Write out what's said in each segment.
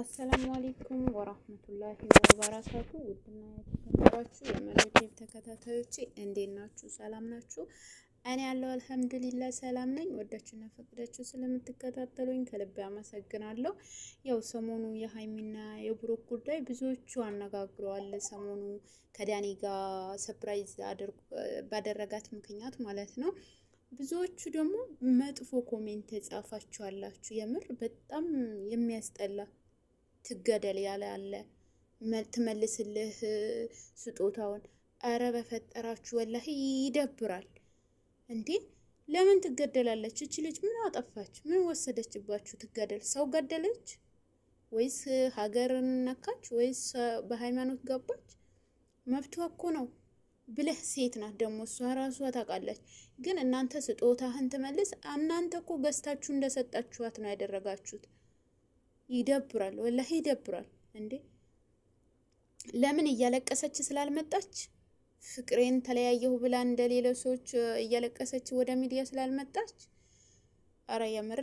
አሰላሙ አሌይኩም ወራህመቱላሂ ወበረካቱ። ውድና የተከበራችሁ የመረጃ ተከታታዮች እንዴት ናችሁ? ሰላም ናችሁ? እኔ ያለው አልሐምዱሊላ ሰላም ነኝ። ወዳችሁና ፈቅዳችሁ ስለምትከታተሉኝ ከልቤ አመሰግናለሁ። ያው ሰሞኑ የሀይሚና የብሩክ ጉዳይ ብዙዎቹ አነጋግረዋል። ሰሞኑ ከዳኒ ጋር ሰፕራይዝ ባደረጋት ምክንያት ማለት ነው። ብዙዎቹ ደግሞ መጥፎ ኮሜንት የጻፋችሁ አላችሁ። የምር በጣም የሚያስጠላ ትገደል ያለ አለ። ትመልስልህ ስጦታውን። አረ በፈጠራችሁ ወላሂ ይደብራል እንዴ! ለምን ትገደላለች? እች ልጅ ምን አጠፋች? ምን ወሰደችባችሁ? ትገደል ሰው ገደለች ወይስ ሀገርን ነካች ወይስ በሃይማኖት ገባች? መብቷ እኮ ነው ብለህ ሴት ናት ደግሞ እሷ ራሷ ታውቃለች። ግን እናንተ ስጦታህን ትመልስ። እናንተ እኮ ገዝታችሁ እንደሰጣችኋት ነው ያደረጋችሁት። ይደብራል፣ ወላሂ ይደብራል። እንዴ ለምን እያለቀሰች ስላልመጣች ፍቅሬን ተለያየሁ ብላ እንደ ሌሎች ሰዎች እያለቀሰች ወደ ሚዲያ ስላልመጣች፣ አረ የምር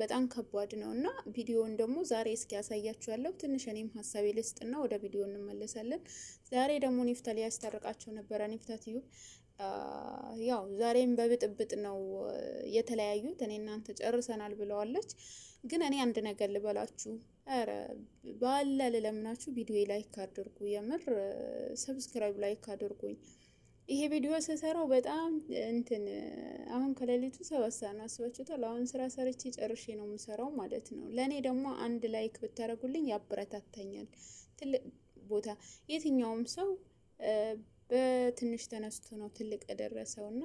በጣም ከባድ ነው። እና ቪዲዮውን ደግሞ ዛሬ እስኪ ያሳያችኋለሁ። ትንሽ እኔም ሀሳቤ ልስጥና ወደ ቪዲዮ እንመለሳለን። ዛሬ ደግሞ ኒፍታ ሊያስታርቃቸው ነበረ። ኒፍታ ትዩብ ያው ዛሬም በብጥብጥ ነው የተለያዩት። እኔ እናንተ ጨርሰናል ብለዋለች። ግን እኔ አንድ ነገር ልበላችሁ፣ ኧረ ባለ ልለምናችሁ ቪዲዮ ላይክ አድርጉ። የምር ሰብስክራይብ ላይክ አድርጉኝ። ይሄ ቪዲዮ ስሰራው በጣም እንትን አሁን ከሌሊቱ ሰባት ሰዓት ነው። አስባችሁታል? አሁን ስራ ሰርቼ ጨርሼ ነው የምሰራው ማለት ነው። ለእኔ ደግሞ አንድ ላይክ ብታደረጉልኝ ያበረታተኛል ትልቅ ቦታ የትኛውም ሰው በትንሽ ተነስቶ ነው ትልቅ እና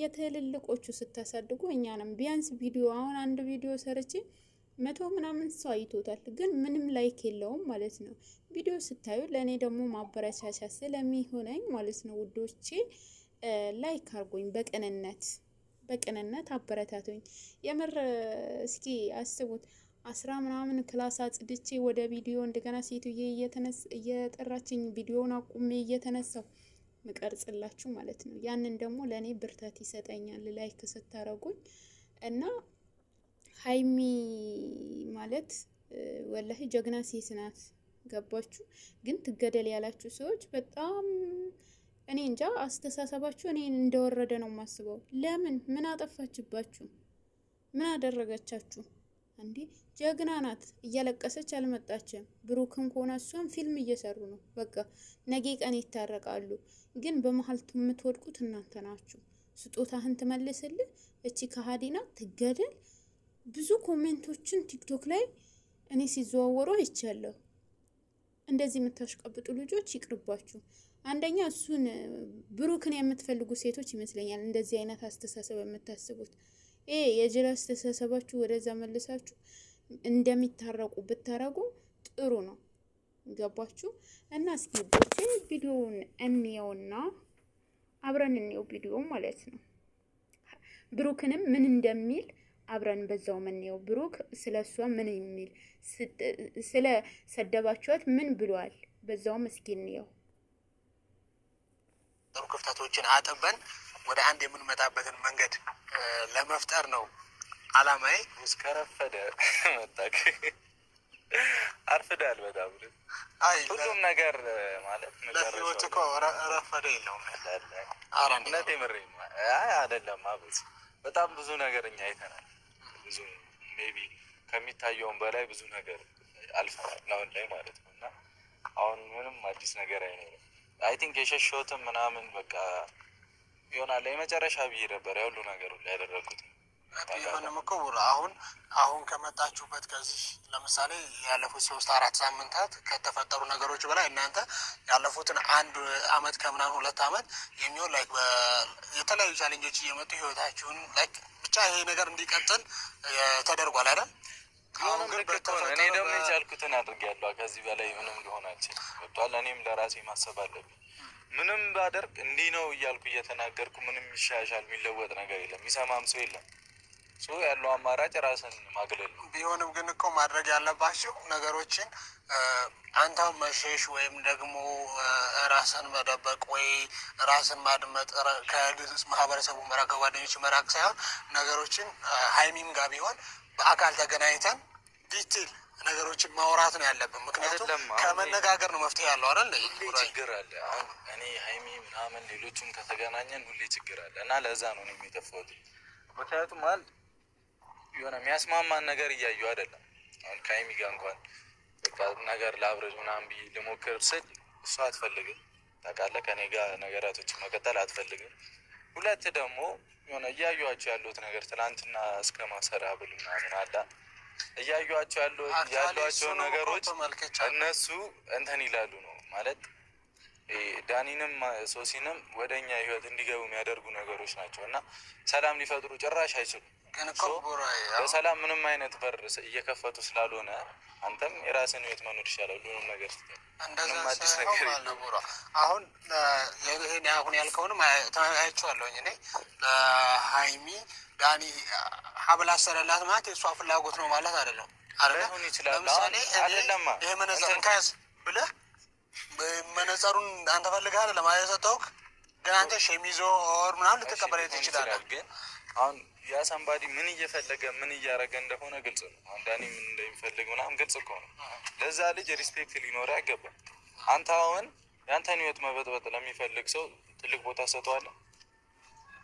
የትልልቆቹ ስታሳድጉ እኛንም ቢያንስ ቪዲዮ አሁን አንድ ቪዲዮ ሰርቼ መቶ ምናምን ሰው አይቶታል፣ ግን ምንም ላይክ የለውም ማለት ነው። ቪዲዮ ስታዩ ለእኔ ደግሞ ማበረቻቻ ስለሚሆነኝ ማለት ነው ውዶቼ ላይክ አርጎኝ በቅንነት በቅንነት አበረታቶኝ የምር እስኪ አስቡት። አስራ ምናምን ክላስ አጽድቼ ወደ ቪዲዮ እንደገና ሴትዬ እየጠራችኝ ቪዲዮውን አቁሜ እየተነሳው ምቀርጽላችሁ ማለት ነው። ያንን ደግሞ ለእኔ ብርታት ይሰጠኛል ላይክ ስታረጉኝ እና ሀይሚ ማለት ወላሂ ጀግና ሴት ናት። ገባችሁ? ግን ትገደል ያላችሁ ሰዎች በጣም እኔ እንጃ አስተሳሰባችሁ እኔ እንደወረደ ነው የማስበው። ለምን ምን አጠፋችባችሁ? ምን አደረገቻችሁ? እንዴ ጀግና ናት። እያለቀሰች አልመጣችም። ብሩክም ከሆነ እሷም ፊልም እየሰሩ ነው። በቃ ነገ ቀን ይታረቃሉ። ግን በመሀል የምትወድቁት እናንተ ናችሁ። ስጦታህን ትመልስልህ፣ እቺ ከሀዲና ትገደል። ብዙ ኮሜንቶችን ቲክቶክ ላይ እኔ ሲዘዋወሩ አይቻለሁ። እንደዚህ የምታሽቀብጡ ልጆች ይቅርባችሁ። አንደኛ እሱን ብሩክን የምትፈልጉ ሴቶች ይመስለኛል እንደዚህ አይነት አስተሳሰብ የምታስቡት ይሄ የጅል አስተሳሰባችሁ ወደዛ መልሳችሁ እንደሚታረቁ ብታረጉ ጥሩ ነው። ገባችሁ? እና እስኪ ቦቼ ቪዲዮውን እንየውና አብረን እንየው ቪዲዮ ማለት ነው። ብሩክንም ምን እንደሚል አብረን በዛው ምንየው። ብሩክ ስለ እሷ ምን የሚል ስለ ሰደባችኋት ምን ብሏል? በዛውም እስኪ እንየው። ጥሩ ክፍተቶችን አጥበን ወደ አንድ የምንመጣበትን መንገድ ለመፍጠር ነው አላማዬ። እስከረፈደ መጣክ አርፍዳል በጣም ሁሉም ነገር ማለት ረፈደ የለውም። እውነት የምሬ አይደለም። በጣም ብዙ ነገር እኛ አይተናል። ብዙ ቢ ከሚታየውን በላይ ብዙ ነገር አልፈናል አሁን ላይ ማለት ነው። እና አሁን ምንም አዲስ ነገር አይኖርም። አይ ቲንክ የሸሸሁትም ምናምን በቃ ይሆናል የመጨረሻ ብዬ ነበር ያሉ ነገር ያደረጉት ቢሆንም እኮ አሁን አሁን ከመጣችሁበት ከዚህ ለምሳሌ ያለፉት ሶስት አራት ሳምንታት ከተፈጠሩ ነገሮች በላይ እናንተ ያለፉትን አንድ አመት ከምናምን ሁለት አመት የሚሆን ላይክ የተለያዩ ቻሌንጆች እየመጡ ህይወታችሁን ላይክ ብቻ ይሄ ነገር እንዲቀጥል ተደርጓል አይደል? አሁን ግን ብትሆን እኔ ደግሞ የቻልኩትን አድርጌያለሁ። ከዚህ በላይ ምንም ሊሆን አልችልም። ወጥቷል። እኔም ለራሴ ማሰብ አለብኝ። ምንም ባደርግ እንዲህ ነው እያልኩ እየተናገርኩ ምንም ይሻሻል የሚለወጥ ነገር የለም። የሚሰማም ሰው የለም። እሱ ያለው አማራጭ ራስን ማግለል ነው። ቢሆንም ግን እኮ ማድረግ ያለባቸው ነገሮችን አንተ መሸሽ ወይም ደግሞ ራስን መደበቅ ወይ ራስን ማድመጥ ከግልጽ ማህበረሰቡ መራቅ ከጓደኞች መራቅ ሳይሆን ነገሮችን ሀይሚም ጋር ቢሆን በአካል ተገናኝተን ዲቴል ነገሮችን ማውራት ነው ያለብን። ምክንያቱም ከመነጋገር ነው መፍትሄ ያለው አይደል? ችግር አለ። እኔ ሀይሚ ምናምን ሌሎቹም ከተገናኘን ሁሌ ችግር አለ እና ለዛ ነው ነው የሚጠፋት። ምክንያቱም አንድ የሆነ የሚያስማማን ነገር እያዩ አይደለም። አሁን ከሀይሚ ጋር እንኳን ነገር ለአብረጅ ምናምን ብዬ ልሞክር ስል እሷ አትፈልግም። ታውቃለህ፣ ከእኔ ጋር ነገራቶችን መቀጠል አትፈልግም ሁለት ደግሞ የሆነ እያዩቸው ያሉት ነገር ትናንትና እስከ ማሰራ ብል ምናምን አለ እያዩቸው ያሏቸው ነገሮች እነሱ እንትን ይላሉ ነው ማለት ዳኒንም ሶሲንም ወደ እኛ ህይወት እንዲገቡ የሚያደርጉ ነገሮች ናቸው እና ሰላም ሊፈጥሩ ጭራሽ አይችሉም። በሰላም ምንም አይነት በር እየከፈቱ ስላልሆነ አንተም የራስን ህይወት መኖር ይሻላል። ሁሉንም ነገር አዲስ ነገር አሁን ይህን አሁን ያልከውንም አይቼዋለሁኝ እኔ ለሀይሚ ዳኒ ሀብል አሰረላት ማለት የእሷ ፍላጎት ነው ማለት አይደለም። አሁን ይችላል ለምሳሌ ይህ መነጽር ከያዝ ብለህ መነጸሩን አንተ ፈልገሃል ለማለት ሰጠውክ፣ ግን አንተ ሸሚዞ ኦር ምናምን ልትቀበለ ትችላለህ። ግን አሁን ያ ሰንባዲ ምን እየፈለገ ምን እያደረገ እንደሆነ ግልጽ ነው። አሁን ዳኒ ምን እንደሚፈልግ ምናምን ግልጽ እኮ ነው። ለዛ ልጅ ሪስፔክት ሊኖር አይገባል። አንተ አሁን የአንተን ህይወት መበጥበጥ ለሚፈልግ ሰው ትልቅ ቦታ ሰጠዋለህ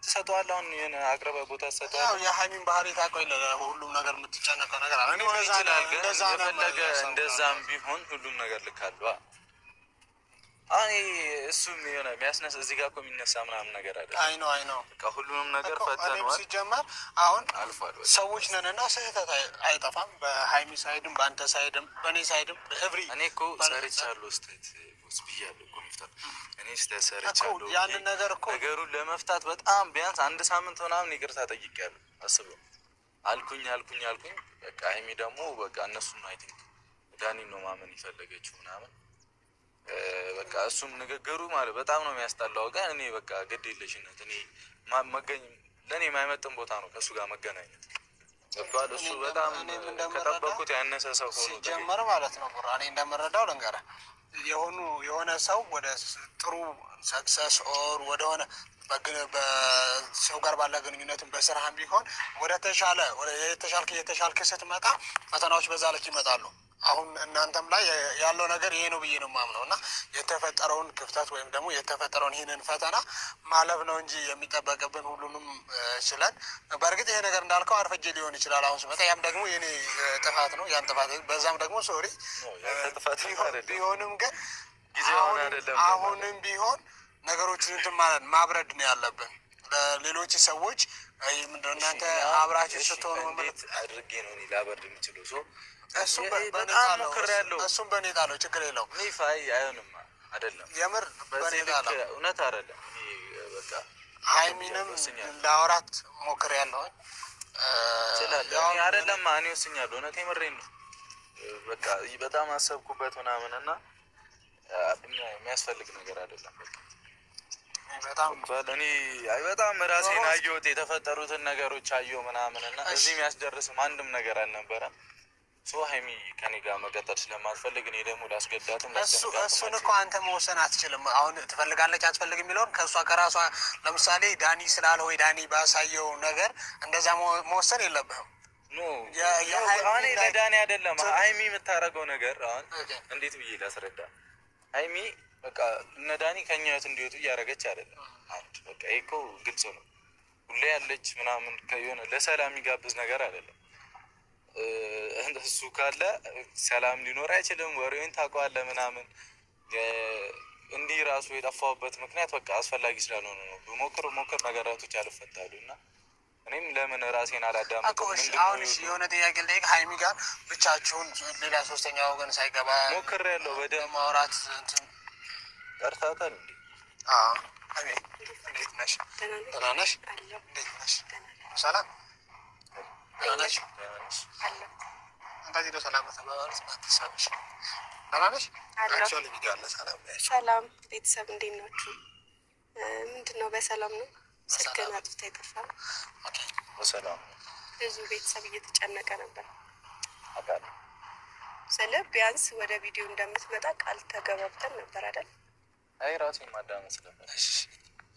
ትሰጠዋለህ። አሁን ይህን አቅርበ ቦታ ሰጠዋለህ። የሀይሚን ባህሪ ታውቀው የለ ሁሉም ነገር የምትጨነቀው ነገር ይችላል። ግን የፈለገ እንደዛም ቢሆን ሁሉም ነገር ልካለዋ እሱም የሆነ የሚያስነሳ እዚህ ጋር እኮ የሚነሳ ምናምን ነገር አለ። አይ ነው አይ ነው በቃ ሁሉንም ነገር ፈተነዋል። ሲጀመር አሁን አልፏል። ሰዎች ነን እና ስህተት አይጠፋም። በሀይሚ ሳይድም፣ በአንተ ሳይድም፣ በእኔ ሳይድም በእብሪ እኔ እኮ ሰርቻለሁ ስህተት ውስጥ ብያለሁ እኮ ሚፍታል እኔ ስህተት ሰርቻለሁ። ያንን ነገር እኮ ነገሩን ለመፍታት በጣም ቢያንስ አንድ ሳምንት ምናምን ይቅርታ ጠይቄያለሁ። አስበው አልኩኝ አልኩኝ አልኩኝ በቃ ሀይሚ ደግሞ በቃ እነሱን አይ ቲንክ ዳኒ ነው ማመን የፈለገችው ምናምን በቃ እሱም ንግግሩ ማለት በጣም ነው የሚያስጠላው። ቀን እኔ በቃ ግድ የለሽነት እኔ መገኝ ለእኔ የማይመጥን ቦታ ነው ከእሱ ጋር መገናኘት ገብቷል። እሱ በጣም ከጠበቅኩት ያነሰ ሰው ሲጀመር ማለት ነው። ቡራ እኔ እንደምረዳው ልንገርህ፣ የሆኑ የሆነ ሰው ወደ ጥሩ ሰክሰስ ኦር ወደሆነ በሰው ጋር ባለ ግንኙነትም በስራህም ቢሆን ወደ ተሻለ የተሻልክ ስትመጣ ፈተናዎች በዛ ልክ ይመጣሉ። አሁን እናንተም ላይ ያለው ነገር ይሄ ነው ብዬ ነው የማምነው እና የተፈጠረውን ክፍተት ወይም ደግሞ የተፈጠረውን ይህንን ፈተና ማለፍ ነው እንጂ የሚጠበቅብን ሁሉንም ችለን። በእርግጥ ይሄ ነገር እንዳልከው አርፈጄ ሊሆን ይችላል አሁን ስመጣ፣ ያም ደግሞ የኔ ጥፋት ነው ያን ጥፋት በዛም ደግሞ ሶሪ ቢሆንም ግን አሁንም ቢሆን ነገሮችን እንትን ማለት ማብረድ ነው ያለብን ለሌሎች ሰዎች ምንድን ነው እናንተ አብራችሁ ስትሆኑ አድርጌ ነው ላበርድ የምችለው ሰው እሱም በእኔ ጣለው፣ ችግር የለውም። ሚፋ አይሆንም፣ አይደለም የምር በእኔ ጣለው፣ እውነት አይደለም። ሀይሚንም ለአውራት ሞክር ያለውን አይደለም እኔ ወስኛለሁ። እውነት የምሬን ነው። በቃ በጣም አሰብኩበት ምናምን እና የሚያስፈልግ ነገር አይደለም። እኔ በጣም ራሴን አየሁት፣ የተፈጠሩትን ነገሮች አየሁ ምናምን እና እዚህ የሚያስደርስም አንድም ነገር አልነበረም። ሶ ሀይሚ ከኔ ጋር መቀጠል ስለማትፈልግ እኔ ደግሞ ላስገዳትም እሱን እኮ አንተ መወሰን አትችልም። አሁን ትፈልጋለች አትፈልግ የሚለውን ከእሷ ከራሷ ለምሳሌ ዳኒ ስላለ ወይ ዳኒ ባሳየው ነገር እንደዛ መወሰን የለብህም። እኔ ለዳኒ አይደለም ሀይሚ የምታደርገው ነገር አሁን እንዴት ብዬ ላስረዳ? ሀይሚ በቃ እነ ዳኒ ህይወት እንዲወጡ እያደረገች አይደለም። አንድ በቃ ይሄ እኮ ግልጽ ነው። ሁሌ ያለች ምናምን ከሆነ ለሰላም የሚጋብዝ ነገር አይደለም። እንደሱ ካለ ሰላም ሊኖር አይችልም። ወሬውን ታውቀዋለህ ምናምን እንዲህ ራሱ የጠፋሁበት ምክንያት በቃ አስፈላጊ ስላልሆነ ነው። ብሞክር ሞክር ነገራቶች አልፈታሉ እና እኔም ለምን ራሴን አላዳምጥም? አሁን የሆነ ጥያቄ ልጠይቅ። ሀይሚ ጋር ብቻችሁን ሌላ ሶስተኛ ወገን ሳይገባ ሞክር ያለው ወደ ማውራት ቀርታታል። እንዴት ነሽ? ደህና ነሽ? እንዴት ነሽ? ሰላም ሰላም ቤተሰብ እንዴት ናችሁ? ምንድን ነው በሰላም ነው? ስልክህን አጥፍተህ የጠፋ ብዙ ቤተሰብ እየተጨነቀ ነበር። ስለ ቢያንስ ወደ ቪዲዮ እንደምትመጣ ቃል ተገባብተን ነበር አይደል? አይ ራሴን ማዳመጥ ስለምልሽ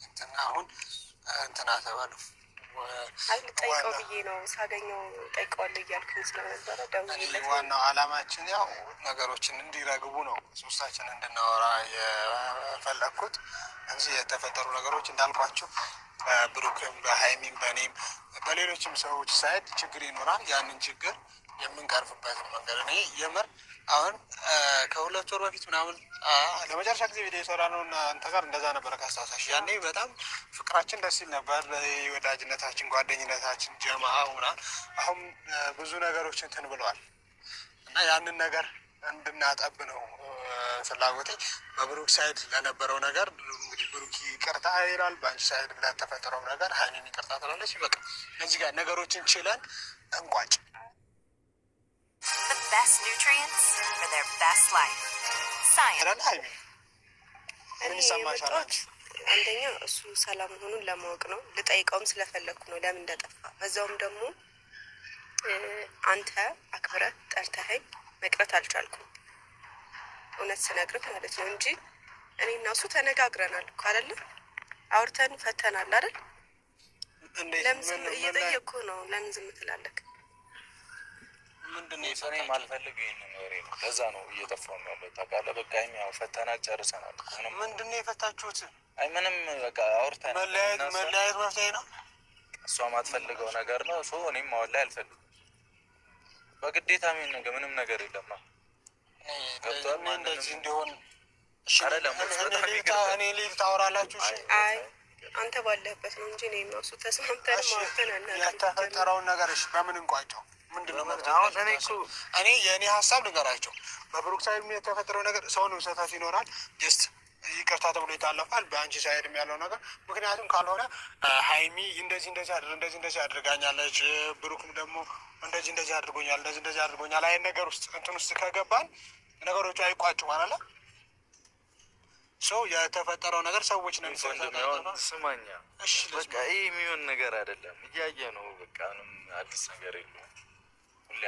እንትና አሁን እንትና ተባለው ብዬ ነው ሳገኘው ጠይቀዋለሁ እያልኩኝ ስለነበረ ደውዬለት። ዋናው አላማችን ያው ነገሮችን እንዲረግቡ ነው ሶስታችን እንድናወራ የፈለግኩት እንጂ የተፈጠሩ ነገሮች እንዳልኳቸው በብሩክም በሀይሚም በእኔም በሌሎችም ሰዎች ሳይድ ችግር ይኖራል። ያንን ችግር የምንቀርፍበት መንገድ እኔ የምር አሁን ከሁለት ወር በፊት ምናምን ለመጨረሻ ጊዜ ቪዲዮ የሰራ ነው እና አንተ ጋር እንደዛ ነበረ ካስታውሳሽ። ያኔ በጣም ፍቅራችን ደስ ይል ነበር፣ ወዳጅነታችን፣ ጓደኝነታችን ጀማ ሁና አሁን ብዙ ነገሮች እንትን ብለዋል እና ያንን ነገር እንድናጠብ ነው ፍላጎቴ። በብሩክ ሳይድ ለነበረው ነገር እንግዲህ ብሩክ ይቅርታ ይላል፣ በአንቺ ሳይድ ለተፈጠረው ነገር ሀይኔን ይቅርታ ትላለች። በቃ እዚህ ጋር ነገሮችን ችለን እንቋጭ። best nutrients for their best life. Science. ምን ይሰማሻል? አንደኛ እሱ ሰላም መሆኑን ለማወቅ ነው። ልጠይቀውም ስለፈለግኩ ነው ለምን እንደጠፋ። በዛውም ደግሞ አንተ አክብረህ ጠርተኸኝ መቅረት አልቻልኩም፣ እውነት ስነግርህ ማለት ነው እንጂ እኔ እና እሱ ተነጋግረናል እኮ አይደለ? አውርተን ፈተናል አይደል? ለምን እየጠየቅኩህ ነው። ለምን ዝም ትላለህ? ምንድነው የሰኔ ማልፈልግ ይህንን ወሬ ነው። ለዛ ነው እየጠፋው ነው ያለው። ታውቃለህ፣ በቃ ያው ፈተና ጨርሰናል። ምንድነው የፈታችሁት? አይ ምንም በቃ አውርተን መለያየት መለያየት መፍትሄ ነው። እሷ ማትፈልገው ነገር ነው። ሶ እኔም አሁን ላይ አልፈልግም። በግዴታ ሚን ነገ ምንም ነገር የለማ ገብቷል። እንደዚህ እንዲሆን እኔ ልጅ ታወራላችሁ። አይ አንተ ባለህበት ነው እንጂ እኔና እሱ ተስማምተን ማውተን አናውቅም። የተፈጠረውን ነገር እሺ፣ በምን እንቋጨው? ምንድን እኔ እኔ የእኔ ሀሳብ ንገራቸው። በብሩክ ሳይድ የተፈጠረው ነገር ሰውን ስህተት ይኖራል ጀስት ይቅርታ ተብሎ ይታለፋል። በአንቺ ሳይድም ያለው ነገር ምክንያቱም ካልሆነ ሀይሚ እንደዚህ እንደዚህ አድር እንደዚህ እንደዚህ አድርጋኛለች፣ ብሩክም ደግሞ እንደዚህ እንደዚህ አድርጎኛል፣ እንደዚህ እንደዚህ አድርጎኛል አይን ነገር ውስጥ እንትን ውስጥ ከገባን ነገሮቹ አይቋጭ ማለለ ሰው የተፈጠረው ነገር ሰዎች ነው ስማኛ፣ በቃ ይህ የሚሆን ነገር አይደለም። እያየ ነው በቃ አዲስ ነገር የለውም።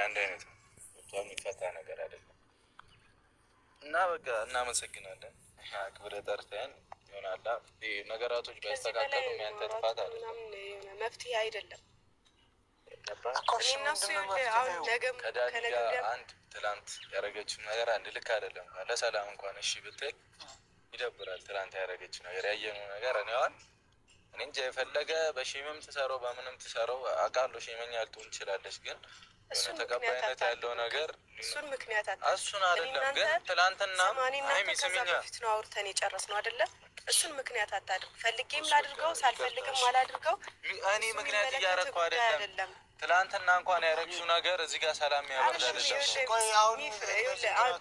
አንድ አይነት ነው። የሚፈታ ነገር አይደለም። እና በቃ እናመሰግናለን። ክብረ ጠርተን ይሆናላ ነገራቶች ቢያስተካከሉ ያንተ ጥፋት አይደለም፣ መፍትሄ አይደለም። ከዳኒ አንድ ትላንት ያደረገችው ነገር አንድ ልክ አይደለም። ለሰላም እንኳን እሺ ብትል ይደብራል። ትላንት ያደረገችው ነገር ያየነው ነገር እኔዋን እኔ እንጃ የፈለገ በሺምም ትሰረው በምንም ትሰረው አቃሎ ሽመኛ ልትሆን ትችላለች ግን እሱን ተቀባይነት ያለው ነገር እሱን ምክንያት አለ። እሱን አይደለም ግን ትላንትና በፊት ነው አውርተን የጨረስነው አይደለም። እሱን ምክንያት አታድርግ። ፈልጌም ላድርገው ሳልፈልግም አላድርገው እኔ ምክንያት እያረግኩ አይደለም። ትላንትና እንኳን ያረግሽው ነገር እዚህ ጋር ሰላም ያበርድ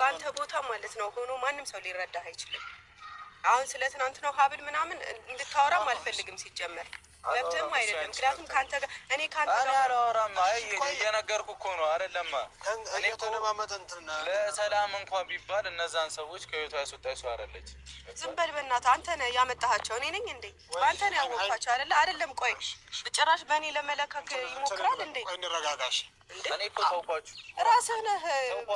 በአንተ ቦታ ማለት ነው ሆኖ ማንም ሰው ሊረዳህ አይችልም። አሁን ስለ ትናንት ነው ሀብል ምናምን እንድታወራም አልፈልግም ሲጀመር መብትህም አይደለም። ምክንያቱም ከአንተ ጋር እኔ ከአንተ ጋር አላወራም። አይ እየነገርኩ እኮ ነው አይደለም። እኔ ለሰላም እንኳን ቢባል እነዛን ሰዎች ከቤቷ ያስወጣች ሰው አይደለች። ዝም በል በእናትህ። አንተ ነህ ያመጣሃቸው። እኔ ነኝ እንዴ? በአንተ ነው ያወቅኳቸው አይደለ? አይደለም። ቆይ ጭራሽ በእኔ ለመለካክ ይሞክራል እንዴ? እንረጋጋሽ። ራስህ ነህ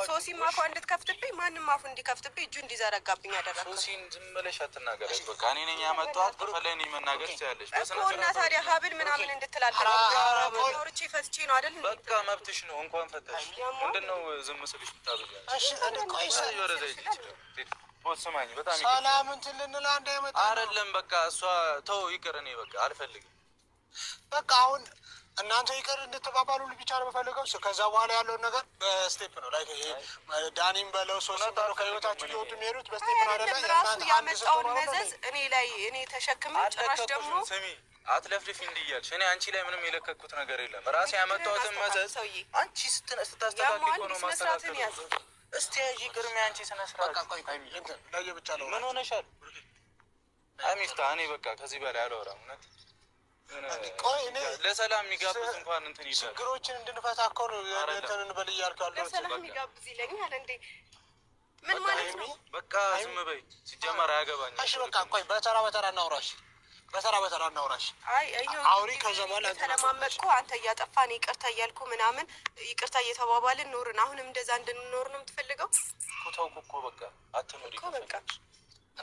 ሶሲም አፏ እንድትከፍትብኝ ማንም አፉ እንዲከፍትብኝ እጁ እንዲዘረጋብኝ ያደረግኩት። ሶሲን ዝም ብለሽ አትናገረች። በቃ እኔ ነኝ ያመጣኋት። በፈለግ መናገር ትችላለች በስነ ታዲያ ሀብል ምናምን እንድትላለች ኖርቼ ፈትቼ ነው አይደል? በቃ መብትሽ ነው። እንኳን ፈታሽ። ምንድን ነው ዝም ስልሽ ስማኝ፣ በጣም ሰላምን ትልንላ እንዳይመጣ አይደለም። በቃ እሷ ተው ይቅር። እኔ በቃ አልፈልግም። በቃ አሁን እናንተ ይቅር እንድትባባሉ ብቻ ነው የምፈልገው። ከዛ በኋላ ያለውን ነገር በስቴፕ ነው ላይ ዳኒም በለው ሶስት በለው ከህይወታችሁ እየወጡ የሚሄዱት በስቴፕ ነው አደለ? ራሱ ያመጣውን መዘዝ እኔ ላይ እኔ ተሸክመ ጭራሽ ደግሞ አትለፍልፊ እንዲህ እኔ አንቺ ላይ ምንም የለከኩት ነገር የለም። ራሴ ያመጣሁትን መዘዝ አንቺ ስታስተካክል ነው ማስተካከል። እስቲ ያዥ ቅድሚያ አንቺ ስነ ስርዓት ምን ሆነሻል? ሚፍታ እኔ በቃ ከዚህ በላይ አላወራም እውነት ለሰላም የሚጋብዝ እንኳን እንትን ይላል። ችግሮችን እንድንፈታ እኮ ነው እንትን እንበል እያልክ ያለው። ለሰላም የሚጋብዝ ይለኛል እንዴ? ምን ማለት ነው? በቃ ዝም በይ። ሲጀመር አያገባኝም። እሺ በቃ ቆይ፣ በተራ በተራ እናውራሽ። በተራ በተራ እናውራሽ። አይ አውሪ። ከዛ በኋላ ተለማመድኩ። አንተ እያጠፋን ይቅርታ እያልኩ ምናምን ይቅርታ እየተባባልን ኖርን። አሁንም እንደዛ እንድንኖር ነው የምትፈልገው? ተውኩ እኮ በቃ አትኖሪ እኮ በቃ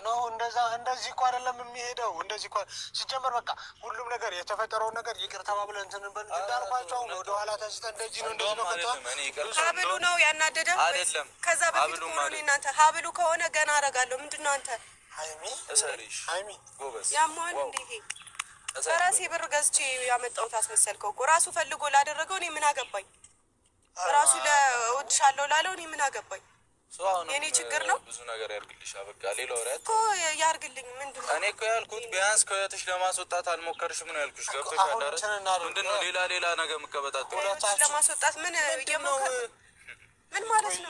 ኖ እንደዛ እንደዚህ እኮ አይደለም የሚሄደው። እንደዚህ እኮ ሲጀመር በቃ ሁሉም ነገር የተፈጠረውን ነገር ይቅር ተባብለን እንትን እንዳልኳቸው አሁን ወደ ኋላ ተስተን እንደዚህ ነው እንደዚህ ነው ከተዋል። ሀብሉ ነው ያናደደ አይደለም። ከዛ በፊት ሆኑ እናንተ ሀብሉ ከሆነ ገና አረጋለሁ። ምንድን ነው አንተ ሀይሚ ሀይሚ ጎበዝ ያመዋል እንደ ይሄ በራሴ ብር ገዝቼ ያመጣሁት አስመሰልከው እኮ ራሱ ፈልጎ ላደረገው እኔ ምን አገባኝ? ራሱ ለወድሻለሁ ላለው እኔ ምን አገባኝ? የኔ ችግር ነው። ብዙ ነገር ያርግልሽ። አበቃ ሌላ ወሬ እኮ ያርግልኝ። ምንድን ነው እኔ እኮ ያልኩት ቢያንስ ከህይወትሽ ለማስወጣት አልሞከርሽም ነው ያልኩሽ። ገብቶሻል አይደል? ምንድን ነው ሌላ ሌላ ነገር የምትቀበጣት ለማስወጣት ምን ምን ማለት ነው?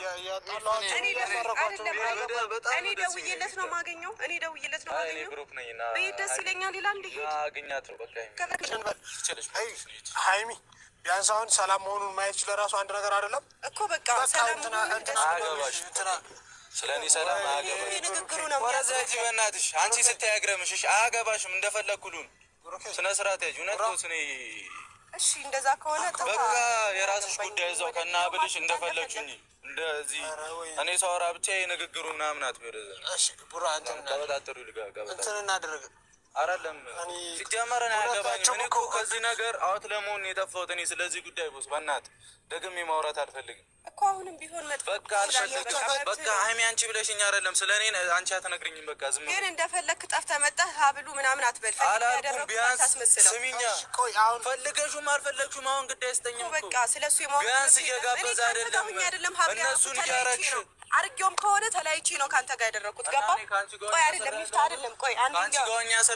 እኔ ደውዬለት ነው የማገኘው። እኔ ደውዬለት ነው የማገኘው። ቤት ደስ ይለኛል ሌላ ሄድ አገኛት ነው በቃ ሀይሚ ቢያንስ አሁን ሰላም መሆኑን ማየት ችለ ራሱ አንድ ነገር አይደለም እኮ በቃ ስለ እኔ ሰላም አያገባሽም። በእናትሽ አንቺ ስታይ አግረምሽሽ አያገባሽም። እንደፈለግኩሉን ስነ ስርዓት ያጅ እውነት ስኔ እሺ፣ እንደዛ ከሆነ በቃ የራስሽ ጉዳይ እዛው ከና ብልሽ እንደፈለግሽኝ እንደዚህ እኔ ሰው አውራ ብቻ የንግግሩ ምናምን አትበረዘ ቡራ እንትን እናደረግ አይደለም ሲጀመር አያገባኝም። እኔ እኮ ከዚህ ነገር አውት ለመሆን የጠፋሁት እኔ። ስለዚህ ጉዳይ ቦስ በእናትህ ደግሜ ማውራት አልፈልግም እኮ አሁንም ቢሆን በቃ አልፈልግም። በቃ ሀይሚ አንቺ ብለሽኝ አይደለም ስለ እኔ አንቺ አትነግሪኝም። በቃ ዝም ግን እንደፈለክ ጠፍተህ መጣህ ሀብሉ ምናምን አትበል አላልኩም። ቢያንስ ስሚኛ ፈልገሹም አልፈለግሹም አሁን ግድ አይሰጠኝም። በቃ ስለሱ ቢያንስ እየጋበዝ አይደለም እነሱን እያረግሽ አርጌውም ከሆነ ተለያይቼ ነው ከአንተ ጋር ያደረግኩት ገባ። ቆይ አይደለም ይፍታ አይደለም ቆይ አንድ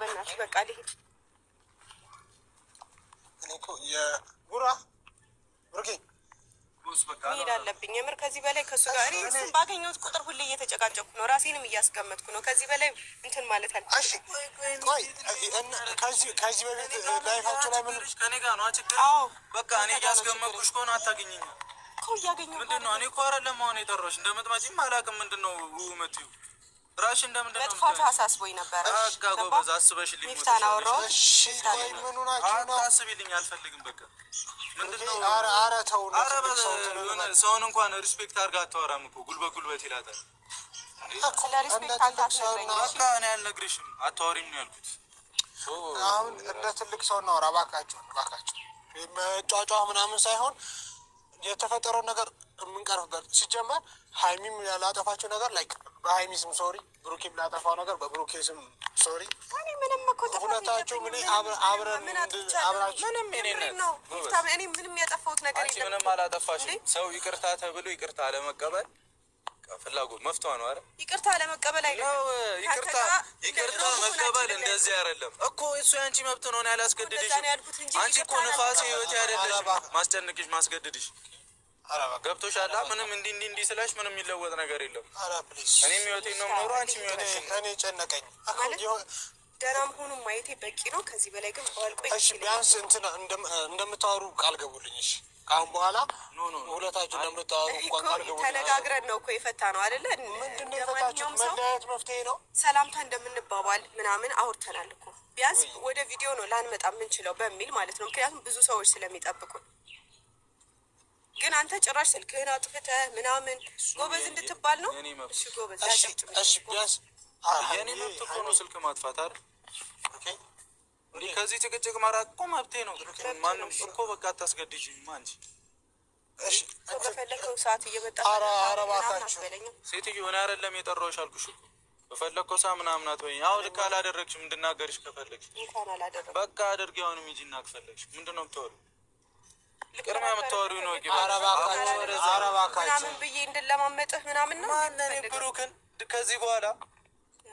በእናትህ በቃ ልሂድ። አለብኝ። የምር ከዚህ በላይ ከሱ ጋር እሱን ባገኘሁት ቁጥር ሁሌ እየተጨቃጨኩ ነው፣ ራሴንም እያስቀመጥኩ ነው። ከዚህ በላይ እንትን ማለት አልችልም። ከዚህ በፊት ላይፋቸው ላይ ከኔ ጋር ነው ችግር? በቃ እኔ እያስገመጥኩሽ ከሆነ አታገኘኝም እኮ እያገኘሁ ምንድን ነው እኔ እኮ አይደለም አሁን የጠራሁሽ እንደምትመጪም አላውቅም። ምንድን ነው ውመት ራሽ እንደምንድን ነው መጥፋቱ አሳስቦኝ ነበረ። በቃ ጎበዝ አስበሽልኝ ሚፍታን አወራሁ። አታስቢልኝ አልፈልግም። በቃ ምንድነው? አረ ኧረ ተው ነው። ኧረ ሰውን እንኳን ሪስፔክት አድርጋ አታወራም እኮ ጉልበት ጉልበት ይላታል። ስለ ሪስፔክት አልታሰብኝ በቃ እኔ አልነግርሽም አታወሪም ነው ያልኩት። አሁን እንደ ትልቅ ሰው እናወራ እባካችሁ፣ እባካችሁ መጫጫ ምናምን ሳይሆን የተፈጠረው ነገር የምንቀርፍበት ሲጀመር ሀይሚም ላጠፋቸው ነገር ላይ በሀይሚ ስም ሶሪ፣ ብሩኬም ላጠፋው ነገር በብሩኬ ስም ሶሪ። ሁለታችሁ ምን አብረን ምንም ያጠፋሁት ነገር ምንም አላጠፋሽ። ሰው ይቅርታ ተብሎ ይቅርታ አለመቀበል ፍላጎት መፍትዋ ነው። አረ ይቅርታ ለመቀበል አይደለም። ይቅርታ ይቅርታ መቀበል እንደዚህ አይደለም እኮ እሱ የአንቺ መብት ነው። ያላስገድድሽ አንቺ እኮ ንፋሴ ህይወት ያደለሽ ማስጨንቅሽ ማስገድድሽ ገብቶሽ አለ ምንም እንዲ እንዲ እንዲ ስላሽ ምንም የሚለወጥ ነገር የለም። እኔ ህይወቴ ነው ኖሮ አንቺ ህይወቴ እኔ ጨነቀኝ። ደህና መሆኑን ማየቴ በቂ ነው። ከዚህ በላይ ግን ባልቆይ ቢያንስ እንትን እንደምታወሩ ቃል ገቡልኝ። እሺ ከአሁን በኋላ ሁለታችሁ እንደምታወሩ ተነጋግረን ነው እኮ የፈታ ነው አይደለ? ምንድነው የፈታችሁት? መለያየት መፍትሄ ነው። ሰላምታ እንደምንባባል ምናምን አውርተናል እኮ ቢያንስ ወደ ቪዲዮ ነው ላንመጣ የምንችለው በሚል ማለት ነው። ምክንያቱም ብዙ ሰዎች ስለሚጠብቁን ግን አንተ ጭራሽ ስልክህን አጥፍተህ ምናምን ጎበዝ እንድትባል ነው። እሺ ጎበዝ፣ እሺ ቢያንስ የኔ መብት እኮ ነው ስልክ ማጥፋት አይደል? ከዚህ ጭቅጭቅ ማራቅ እኮ መብቴ ነው። ማንም እኮ በቃ አታስገድጅ ማንጅ በፈለከው ሰዓት እየመጣ ሴትዮ እኔ አይደለም የጠራሁሽ አልኩሽ እኮ በፈለከው ሰዓት ምናምን አትበይኝ። አሁን ልክ አላደረግሽም። እንድናገርሽ ከፈለግሽ በቃ አድርጊ። አሁንም ሂጂ እና ከፈለግሽ ምንድን ነው የምታወሪው? ቅድሚያ የምታወሪው ነው ምናምን ብዬ እንድለማመጥህ ምናምን ነው ብሩክን ከዚህ በኋላ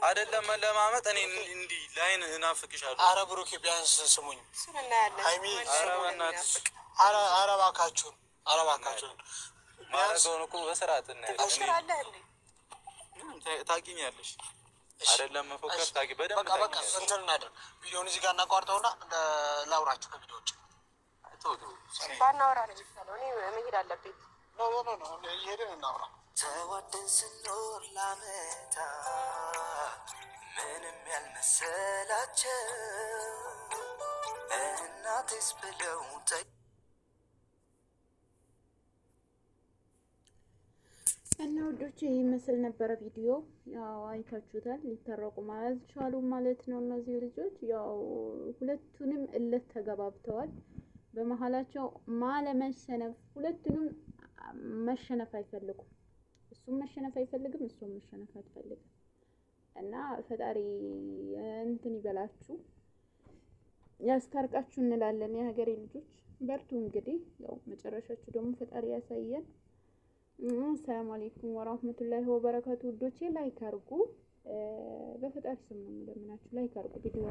አይደለም ለማመጥ እኔ እንዲህ ላይን እናፍቅሻለሁ። አረ ብሩኬ ቢያንስ ስሙኝ፣ ሀይሚ አረ እባካችሁን፣ አረ እባካችሁን ማረገውን እኮ በስርዓት ታውቂኛለሽ አይደለም መፎከር ታውቂ በደንብ በቃ እንትን እናደርግ። ቪዲዮውን እዚህ ጋር እናቋርጠውና ላውራችሁ ከቪዲዮ ውጭ ባናወራ ነው የሚሻለው። እኔ መሄድ አለብኝ። ይሄድን እናውራ ተዋደን ስኖር ላመታ ምንም ያልመሰላቸው እናትስ ብለው እና ውዶች ነበረ ቪዲዮ። ያው አይታችሁታል። ሊታረቁ ማለት ነው። እነዚህ ልጆች ያው ሁለቱንም እለት ተገባብተዋል። በመሀላቸው ማለመሸነፍ ሁለቱንም መሸነፍ አይፈልጉም። እሱም መሸነፍ አይፈልግም፣ እሷም መሸነፍ አትፈልግም። እና ፈጣሪ እንትን ይበላችሁ ያስታርቃችሁ እንላለን። የሀገሬ ልጆች በርቱ። እንግዲህ ያው መጨረሻችሁ ደግሞ ፈጣሪ ያሳየን። ሰላም አለይኩም ወራህመቱላሂ ወበረካቱ። ውዶቼ ላይክ አርጉ፣ በፈጣሪ ስም ነው የምለምናችሁ። ላይክ አርጉ ቪዲዮ